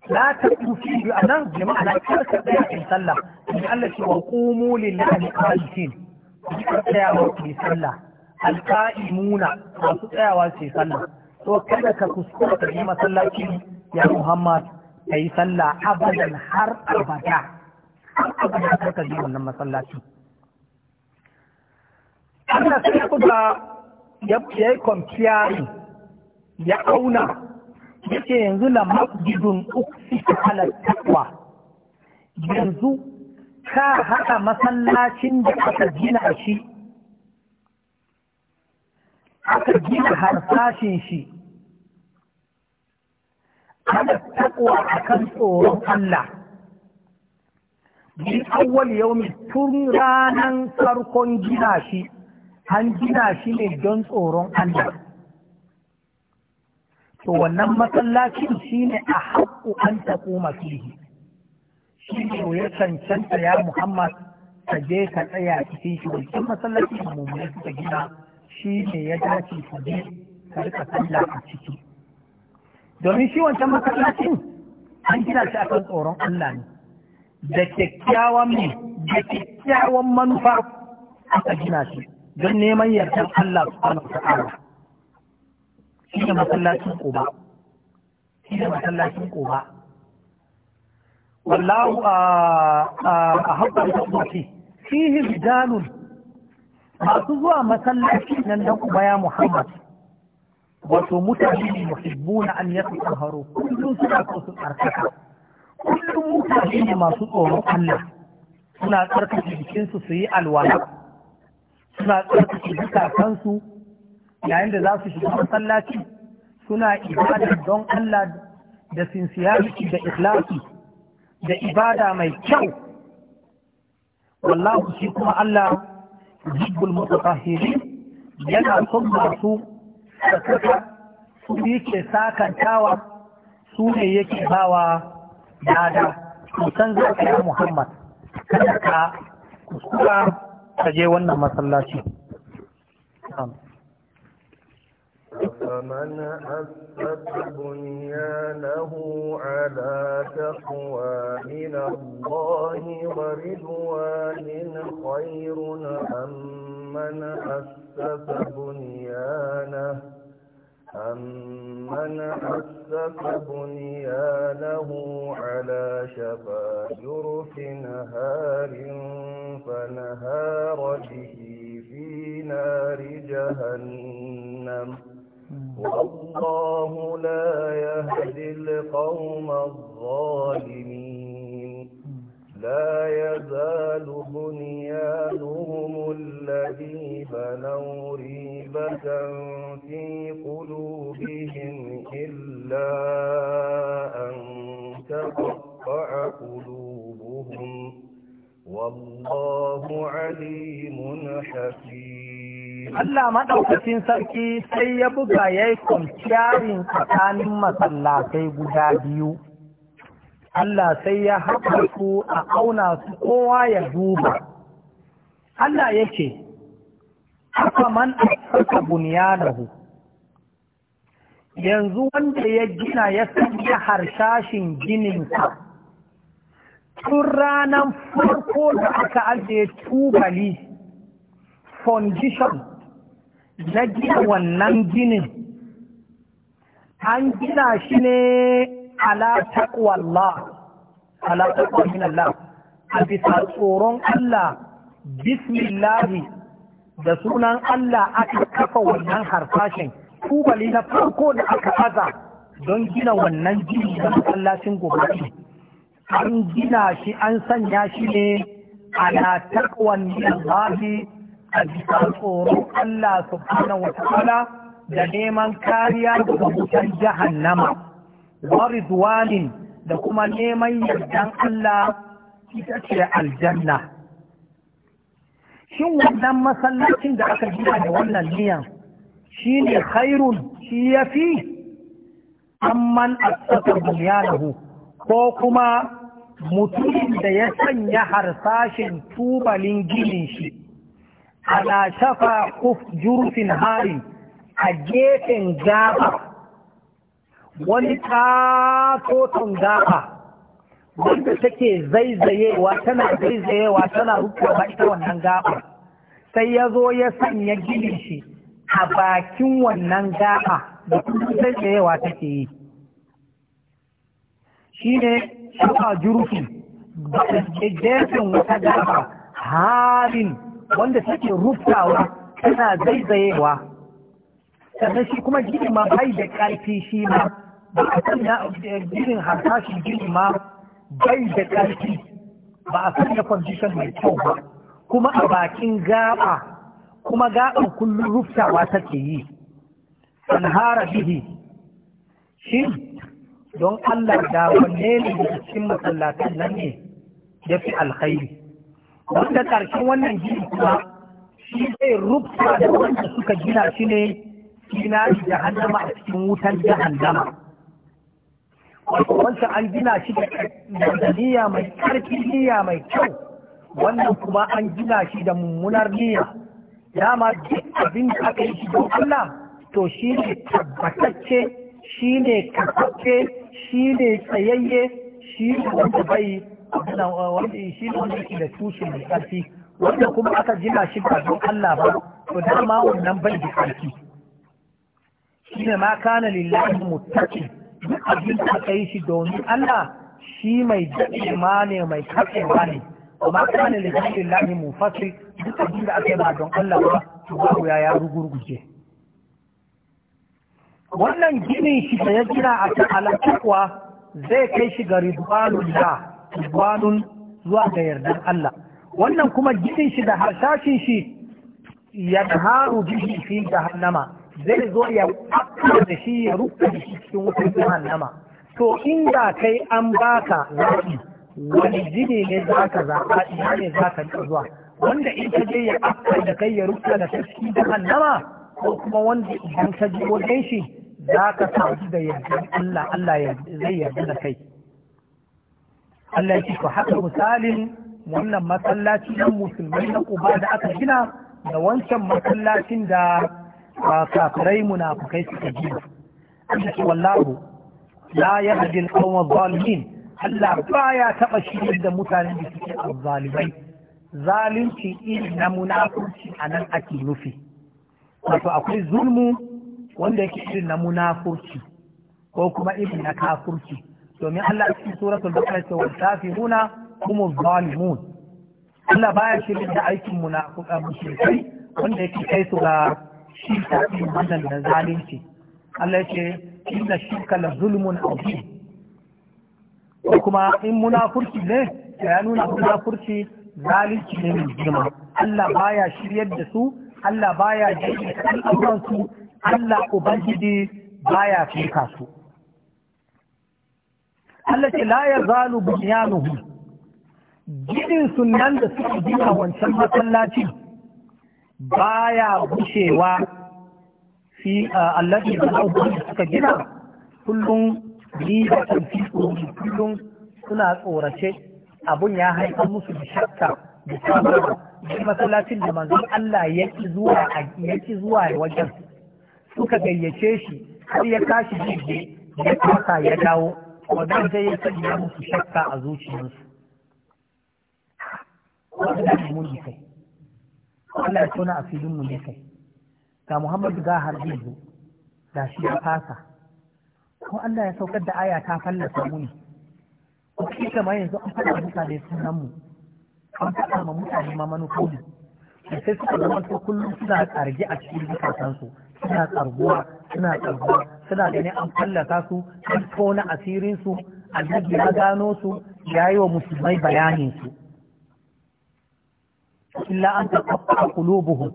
la taqum fihi anan jama'a na kar ka tsaya kai sallah in Allah ce wa qumu lillahi qanitin kar ka tsaya wa sallah alqa'imuna masu tsayawa sai sallah to kada ka kuskura ka yi masallaci ya Muhammad ka yi sallah abadan har abada har abada kar ka je wannan masallaci Allah sai ku da ya yi kwamfiyari ya auna yake yanzu na masjidun uksita ala taqwa yanzu ka haɗa masallacin da aka gina shi aka gina harsashin shi kada takwa a kan tsoron Allah bi awwal yaumi tun ranan farkon gina shi an gina shi ne don tsoron Allah to wannan masallacin shine a haƙƙu an taƙo fihi shi ne ya cancanta ya Muhammad ka je ka tsaya cikin shi wancan masallaci mummuni suka gina shi ne ya dace ka je ka rika sallah a ciki domin shi wancan masallacin an gina shi akan tsoron Allah ne da kyakkyawan ne da kyakkyawan manufa aka gina shi don neman yardar Allah subhanahu wa ta'ala shi ne masallacin Quba shi ne masallacin Quba wallahu a ah, ah, habbar da fihi rijalun masu zuwa masallaci nan dan ubaya Muhammad wato mutane ne muhibbuna an tsaharo kullum suna so su tsarkaka kullum mutane ne masu tsoron Allah suna tsarkake jikinsu su yi alwala suna tsarkake zukatansu yayin da za su shiga masallaci suna ibada don Allah da sincerity da ikhlasi da ibada mai kyau wallahu shi kuma Allah yuhibbul mutatahhirin yana son masu tsakaka su yake sakantawa su ne yake bawa dada su za ka muhammad kada ka kuskura ka je wannan masallaci. أفمن أسس بنيانه على تقوى من الله ورضوان خير أم من أسس بنيانه أمن أسس بنيانه على شفا جرف نهار فنهار به في نار جهنم والله لا يهدي القوم الظالمين لا يزال بنيانهم الذي بنوا ريبة في قلوبهم إلا أن تقطع قلوبهم والله عليم حكيم Allah maɗaukacin sarki sai ya buga ya yi kwanciyarin tsakanin masallatai guda biyu. Allah sai ya haɗa su a auna su kowa ya duba. Allah ya ce, Aka man asaka bunyanahu yanzu wanda ya gina ya sanya harshashin ka. tun ranar farko da aka ajiye tubali, foundation na gina wannan ginin an gina shi ne ala taqwallah min Allah a bisa tsoron Allah bismillahi da sunan Allah aka kafa wannan harfashin kubali na farko da aka aza don gina wannan gini da masallacin gobe an gina shi an sanya shi ne ala taqwa min Allah a bisa tsoron Allah subhanahu wa ta'ala da neman kariya daga wutar jahannama wa ridwanin da kuma neman yardan Allah ita ce aljanna shin wannan masallacin da aka gina da wannan niyan shi ne khairun shi ya fi amman asaka hu ko kuma mutumin da ya sanya harsashin tubalin ginin shi ala shafa kuf jurfin hari a gefen gaba wani tatoton gaba wanda take zaizayewa tana zaizayewa tana ba ita wannan gaba sai ya zo ya sanya gini shi a bakin wannan gaba da kuma zaizayewa take yi shi ne shafa jurfin gefen wata gaba harin wanda take ruftawa tana zaizayewa sannan shi kuma gini ma bai da ƙarfi shi ma ba a sanya eh, ginin harkashin gini ma bai da ƙarfi ba a sanya kwamfishin mai kyau ba kuma a bakin gaba kuma gaban kullum ruftawa take yi sanhara bihi shi don Allah da wanne ne cikin masallatan nan ne ya fi alkhairi wanda ƙarshen wannan gini kuma shi zai rubuta da wanda suka gina shi ne gina jahannama a cikin wutan jahannama wato wanda an gina shi da niyya mai ƙarfi niyya mai kyau wannan kuma an gina shi da mummunar niyya dama duk abin da aka yi shi don Allah to shi ne tabbatacce shi ne karfafe shi ne tsayayye shi ne wanda bai abin wani shi ne wanda yake da tushe mai ƙarfi wanda kuma aka jina shi ba don Allah ba to dama wannan bai da ƙarfi shi ne ma kana lillahi muttaqi duk abin da aka yi shi domin Allah shi mai daɗewa ne mai katsewa ne amma kana lillahi lillahi mufassil duk abin da aka yi ba don Allah ba to babu ya ya rugurguje wannan ginin shi da ya jira a ta alaƙaƙwa zai kai shi ga ridwanullah tubanun zuwa ga yardar Allah wannan kuma gidin shi da harsashin shi ya haru bihi fi jahannama zai zo ya akka da shi ya rufe shi cikin wutar jahannama to inda kai an baka zaki wani gini ne za ka ina ne za ka zuwa wanda in ka je ya akka da kai ya rufe da shi jahannama ko kuma wanda idan ka ji wajen shi za ka samu da yardar Allah Allah zai yarda da kai Allah ya ce to haka misalin wannan masallaci na musulmai na kuba da aka gina da wancan masallacin da kafirai munafukai suka gina Allah ce wallahu la yahdi al-qawma zalimin Allah baya taba shirin da mutanen da suke zalimai zalunci iri na munafurci a nan ake nufi wato akwai zulmu wanda yake irin na munafurci ko kuma irin na kafurci domin Allah a cikin suratul baqara ce wal kafiruna humuz zalimun Allah baya shirin da aikin munafiqa mushrikai wanda yake kai su ga shi tafi wannan da zalunci Allah yake inna shirka la zulmun azim ko kuma in munafurci ne ya nuna munafurci zalunci ne mai girma Allah baya shiryar da su Allah baya jiki su Allah Ubangiji baya fika su. Allah ce la ya zalu bunyanuhu sunan da suka a wancan masallaci baya gushewa fi allazi da suka gina kullum ribatan fi kullum suna tsorace abun ya haifar musu da shakka da sabarwa masallacin da manzon Allah ya ki zuwa ya ki zuwa wajen suka gayyace shi har ya tashi jirgi ya kasa ya dawo wannan zai ya sanya musu shakka a zuciyarsu wanda ne mun kai Allah ya tona a filin mu ne kai ga Muhammadu ga har zo ga shi ya fasa ko Allah ya saukar da aya ta fallasa muni? ne ko shi kamar yanzu an faɗa mutane sunan mu an faɗa ma mutane ma manufofi da sai suka zama kullum suna tsarge a cikin bukatansu suna tsarguwa. suna ƙarguwa suna gani an fallaka su an tona asirin su jirgin ya gano su ya yi wa musulmai bayanin su illa an kulubuhu qulubuhum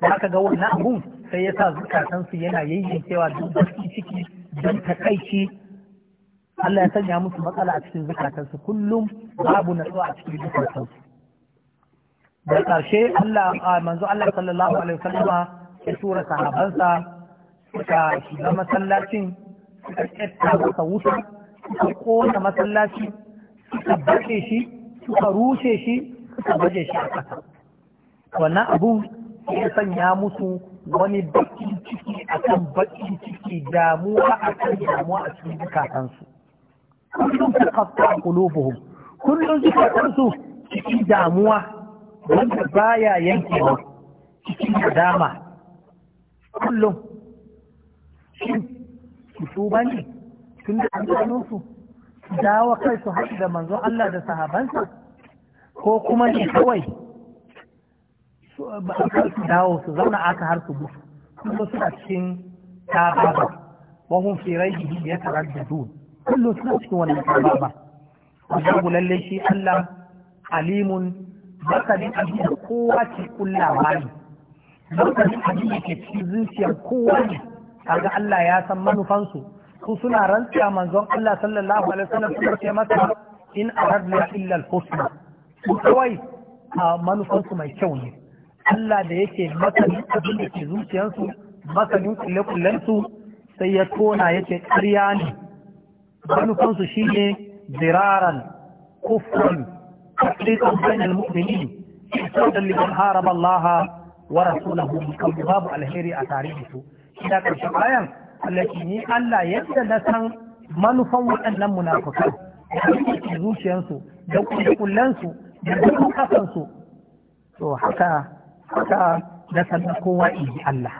haka ga wannan abun sai ya sa zukatan su yana cewa duk da ciki don takaici Allah ya sanya musu matsala a cikin su kullum babu tsawo a cikin su da ƙarshe Allah manzo Allah sallallahu alaihi wasallam ya tura sahabansa suka shiga masallacin suka ƙetta masa wuta suka ƙona masallaci, suka bace shi suka rushe shi suka baje shi a ƙasa wannan abu ya sanya musu wani baƙin ciki akan baƙin ciki damuwa akan damuwa a cikin zukatansu kullum ta kafa kulubuhum kullum zukatansu cikin damuwa wanda baya yankewa cikin nadama kullum shin su tuba ne tun da an gano su su dawo kai su haɗu da manzon Allah da sahabansa ko kuma ne kawai su dawo su zauna aka har su gusu kuma suna cikin tababa wahun firai ya tarar da dun kullum suna cikin wannan tababa babu lallai shi Allah alimun masanin abin da kowa ke kullawa ne masanin abin da ke cikin zuciyar kowa ne kaga Allah ya san manufansu su suna rantsa manzon Allah sallallahu alaihi wasallam suka ce masa in aradna illa al-husna kawai a manufansu mai kyau ne Allah da yake masanin abin da ke zuciyarsu masanin kulle-kullensu sai ya tona yake ƙarya ne manufansu shine ziraran kufran tafriqan bainal mu'minin saudan liman haraba Allah wa rasulahu kan babu alheri a tare su da ƙarshe bayan Allah ni Allah yadda na san manufan waɗannan munafukan da ke zuciyarsu da kullansu da dukkan kasansu to haka haka da san kowa iji Allah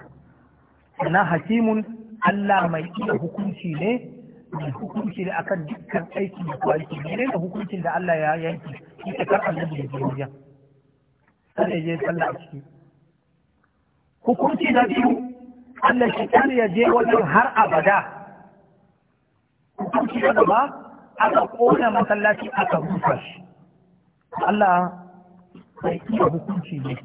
na hakimun Allah mai iya hukunci ne mai hukunci da akan dukkan aiki da kwaliki ne da hukuncin da Allah ya yanki shi ta kar annabi da jirgin sai ya je sallah a ciki hukunci na biyu Allah shi kar ya je wajen har abada hukunci da ba aka ƙona masallaci aka rufa shi Allah bai iya hukunci ne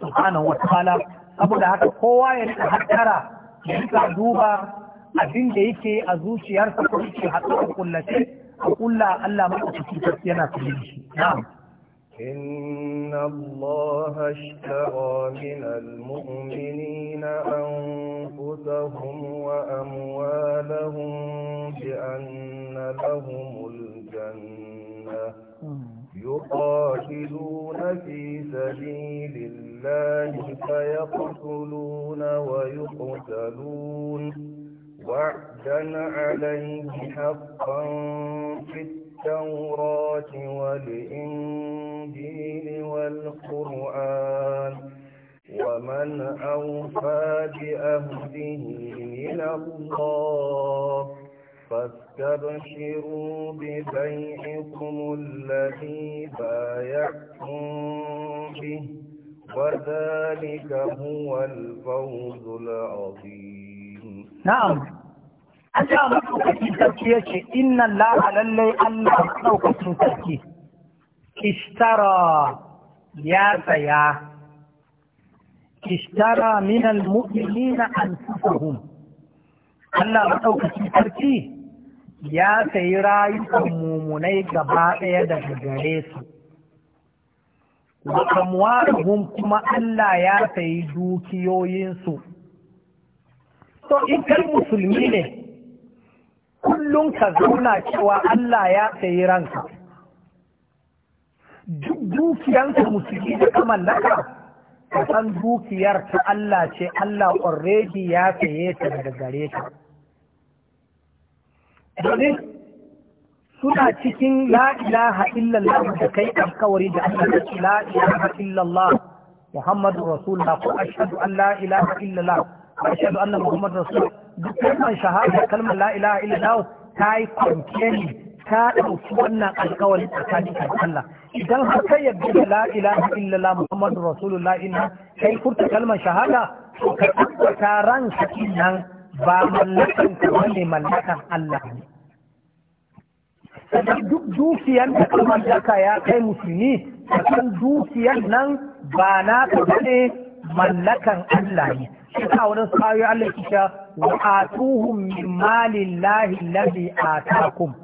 subhanahu wataala saboda haka kowa ya rika hattara ya rika duba abin da yake a zuciyarsa ko yake hatta a kullace a kulla Allah mai yana kulle shi na'am إن الله اشترى من المؤمنين أنفسهم وأموالهم بأن لهم الجنة يقاتلون في سبيل الله فيقتلون ويقتلون وعدا عليه حقا في التوراة والإنجيل والقرآن ومن أوفى بأهده من الله فاستبشروا ببيعكم الذي بايعتم به وذلك هو الفوز العظيم na'am an ja maɗaukakin sarki ya ce inna laha lallai allah maɗaukakin sarki Kishtara ya saya Kishtara minal mu'minina anfusahum allah maɗaukakin sarki ya sayi rayukan mumunai gaba ɗaya daga gare su wa kuma allah ya sayi dukiyoyinsu to in musulmi ne kullum ka zauna cewa Allah ya sayi ranka duk dukiyanka musulmi da ka mallaka ka san dukiyar ta Allah ce Allah already ya saye ta daga gare ka suna cikin la ilaha illallah da kai alkawari da Allah da la ilaha illallah Muhammadu Rasulullah ko ashhadu an la ilaha illallah ashhadu anna muhammadar rasul duk kalmar shahada kalmar la ilaha illallah ta yi kwanciyar ta ɗauki wannan alkawarin tsakanin ka Allah idan har ka yarda da la ilaha illallah muhammadu rasulullah inna kai furta kalmar shahada to ka tabbata ranka nan ba mallakan ka bane mallakan Allah ne sannan duk dukiyan da kalmar daka ya kai musulmi sannan dukiyan nan ba na ka bane mallakan Allah ne shi ta wurin sa'ayoyi Allah ya kisha wa atuhum min malillahi alladhi atakum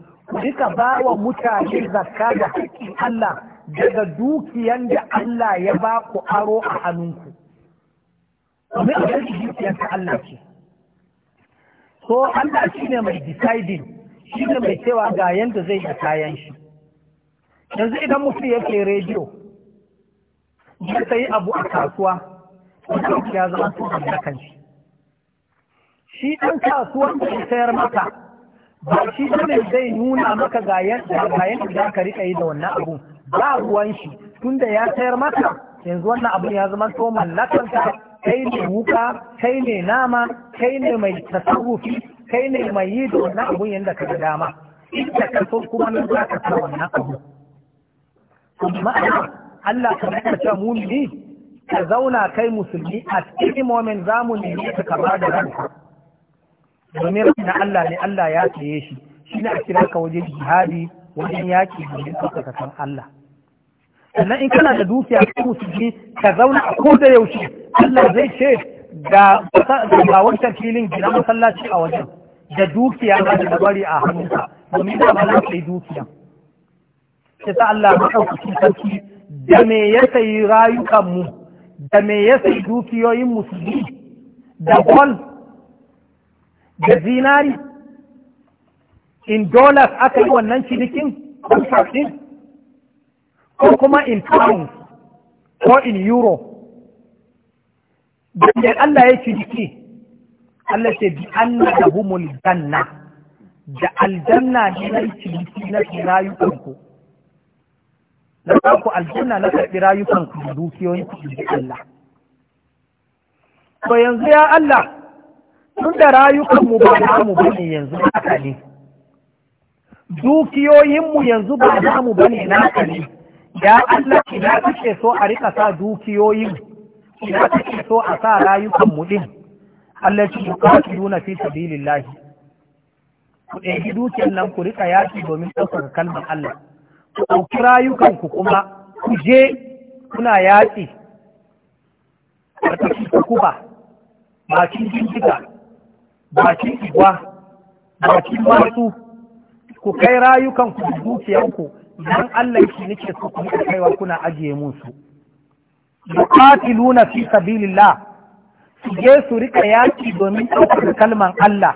duka ba wa mutane zakka da hakkin Allah daga dukiyan da Allah ya ba ku aro a hannunku domin a yanzu dukiyan ta Allah ce so Allah shi ne mai deciding shi ne mai cewa ga yanda zai yi kayan shi yanzu idan mutum yake rediyo ya sayi abu a kasuwa wanda ya zama su kan shi shi ɗan kasuwan da sayar maka ba shi ne zai nuna maka ga yadda za ka riƙa yi da wannan abu ba ruwan shi tunda ya sayar maka yanzu wannan abu ya zama to mallakan ka kai ne wuka kai ne nama kai ne mai tasarrufi kai ne mai yi da wannan abun yadda ka ga dama inda ka so kuma nan za ka sa wannan abu amma Allah ka ce mumini ka zauna kai musulmi a cikin momin zamu ne ka kama da ranka domin na Allah ne Allah ya tsaye shi shine a kira ka wajen jihadi wajen yaki domin ɗaukaka Allah sannan in kana da dukiya ka musulmi ka zauna a koda yaushe Allah zai ce ga ga wancan filin gina masallaci a wajen da dukiya ba da bari a hannunka domin da ba za ka yi dukiya sai ta Allah ɗauki sarki da me ya sayi rayukanmu da me ya dukiyoyin musulmi da gold da zinari in dollars aka yi wannan cinikin kusurfin ko kuma in pounds ko in euro da Allah ya ciniki Allah ce bi anna lahumul danna da aljanna ne na ciniki na rayukanku na ku aljanna na karɓi rayukan ku da dukiyoyin ku da Allah to yanzu ya Allah tun da rayukan mu ba mu bane yanzu haka ne dukiyoyin mu yanzu ba mu bane naka ne ya Allah ina kake so a rika sa dukiyoyin ina kake so a sa rayukan mu din Allah ki yuqatiluna fi sabilillah ku ɗauki dukiyar nan ku rika yaki domin ɗaukar kalmar Allah ku ɗauki rayukanku kuma ku je kuna yaƙi a tafi kuba bakin jinjiga bakin igwa bakin masu ku kai rayukanku da dukiyanku idan Allah shi nake so ku kaiwa kuna ajiye musu yuqatiluna fi sabilillah su je su rika yaki domin ɗaukar kalman Allah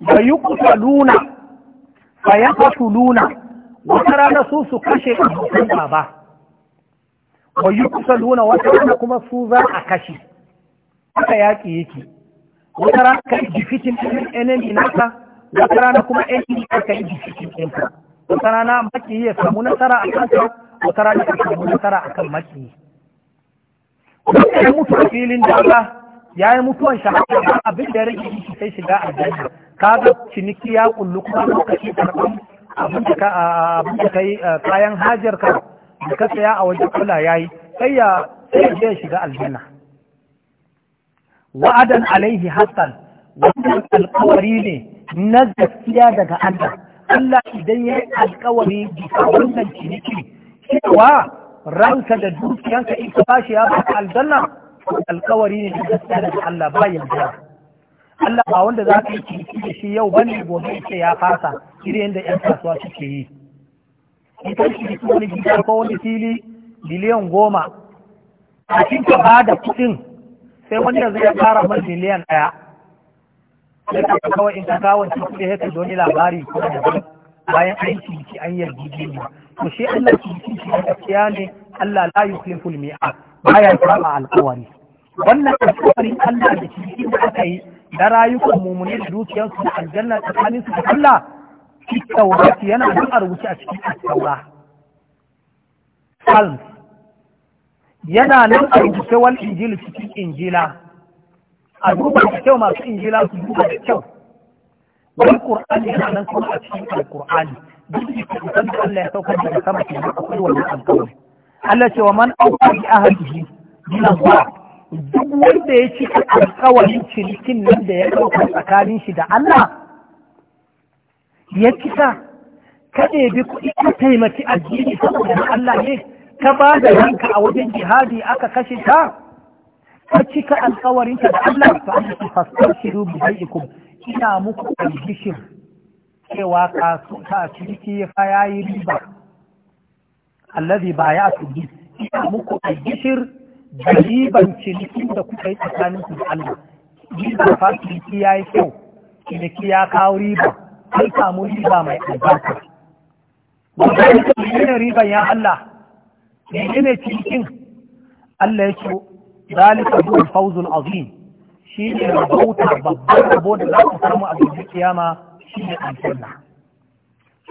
da yuqtaluna fa luna. wata rana su su kashe abokan gaba wa yi kusa luna wata rana kuma su za a kashe aka yaƙi yake wata rana ka yi jifitin ɗin enemy naka wata rana kuma enemy ka yi jifitin ɗinka wata rana maki ya samu nasara a kanka wata rana ka samu nasara a kan maki wata ya mutu a filin daga ya yi mutuwan shahada ba abin da ya rage sai shiga aljanna kaga ciniki ya kullu kuma lokaci karɓar abin da kai kayan hajar ka da ka saya a wajen kula yayi sai ya sai ya shiga aljanna wa'adan alaihi Hassan, wannan alkawari ne na gaskiya daga Allah Allah idan ya yi alƙawari bisa wannan ciniki cewa ranka da dukiyanka in ka bashi ya baka aljanna alƙawari ne na gaskiya daga Allah ba yarda Allah ba wanda za ka yi ciki da shi yau bane gobe ce ya fasa iri yadda yan kasuwa suke yi in yi ciki wani gida ko wani fili biliyan goma a cikin ba da kuɗin sai wanda zai fara mai miliyan ɗaya sai ka kawai in ka kawo cikin kuɗi haka doni labari ko da bayan an ciki an yarda jini to shi Allah ciki shi gaskiya ne Allah la yukhliful mi'ad baya saba alƙawari wannan alƙawarin Allah da shi da aka yi da rayukan mumune da dukiyarsu da aljanna tsakanin su da Allah shi taurati yana da a rubuce a cikin taura Psalms yana nan a rubuce wal injili cikin injila a duba da kyau masu injila su duba da kyau wal qur'ani yana nan kuma a cikin alqur'ani duk da da Allah ya saukar da sama ke akwai wannan alƙawari Allah ce wa man auka bi ahadihi min Allah duk wanda ya ci alkawarin cinikin nan da ya ɗauka tsakanin shi da Allah ya kisa ka ɗebi kuɗi ka taimaki addini saboda na Allah ne ka ba da ranka a wajen jihadi aka kashe ta ka cika alkawarinka da Allah ta Allah ki fasar shiru bi bai'ikum ina muku albishir cewa kasu ta ciki fa yayi riba allazi bayatu bi ina muku albishir da riban cinikin da kuka yi tsakanin ku da Allah riba fa ciniki ya yi kyau ciniki ya kawo riba an samu riba mai albarka wanda ya ce riban ya Allah ne cinikin Allah ya ce zalika huwa fawzul azim shi ne rabauta babban rabo da za ku samu a gobe kiyama shi ne aljanna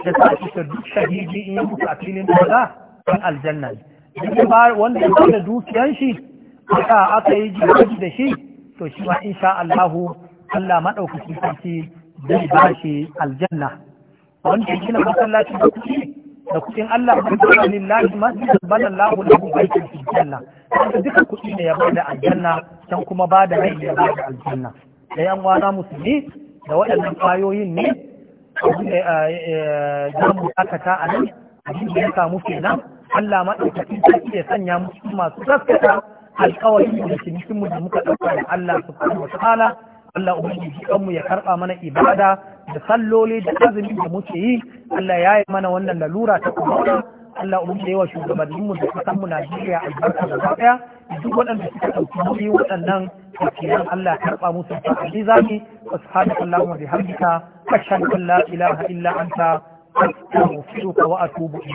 da sa shi duk shahidi in yi mutu a filin da za aljanna ne wanda ya da dukiyan shi aka aka yi jihadi da shi to shi ma insha Allahu Allah madaukaki sarki zai ba shi aljanna wanda yake na masallaci da kuɗi da kuɗin Allah ba da lillahi masjid bana lahu lahu baitin shi Aljanna. wanda duka kuɗi ne ya ba da aljanna can kuma ba da rai ya ba da aljanna da yan wana musulmi da waɗannan kwayoyin ne eh, eh, za zamu dakata a nan abin da ya samu kenan Allah maɗaukakin ta ya sanya musu masu gaskata alƙawari da mu da muka ɗauka da Allah subhanahu wa ta'ala Allah ubangiji ya karɓa mana ibada da salloli da azumi da muke yi Allah ya yi mana wannan lalura ta kuma. Allah ubangiji yawa shugabanninmu da kasanmu Najeriya albarka da ɗaya duk waɗanda suka ɗauki nauyi waɗannan wakilan Allah karɓa musu ta alizami subhanaka allahumma bihamdika ashhadu an la ilaha illa anta astaghfiruka wa atubu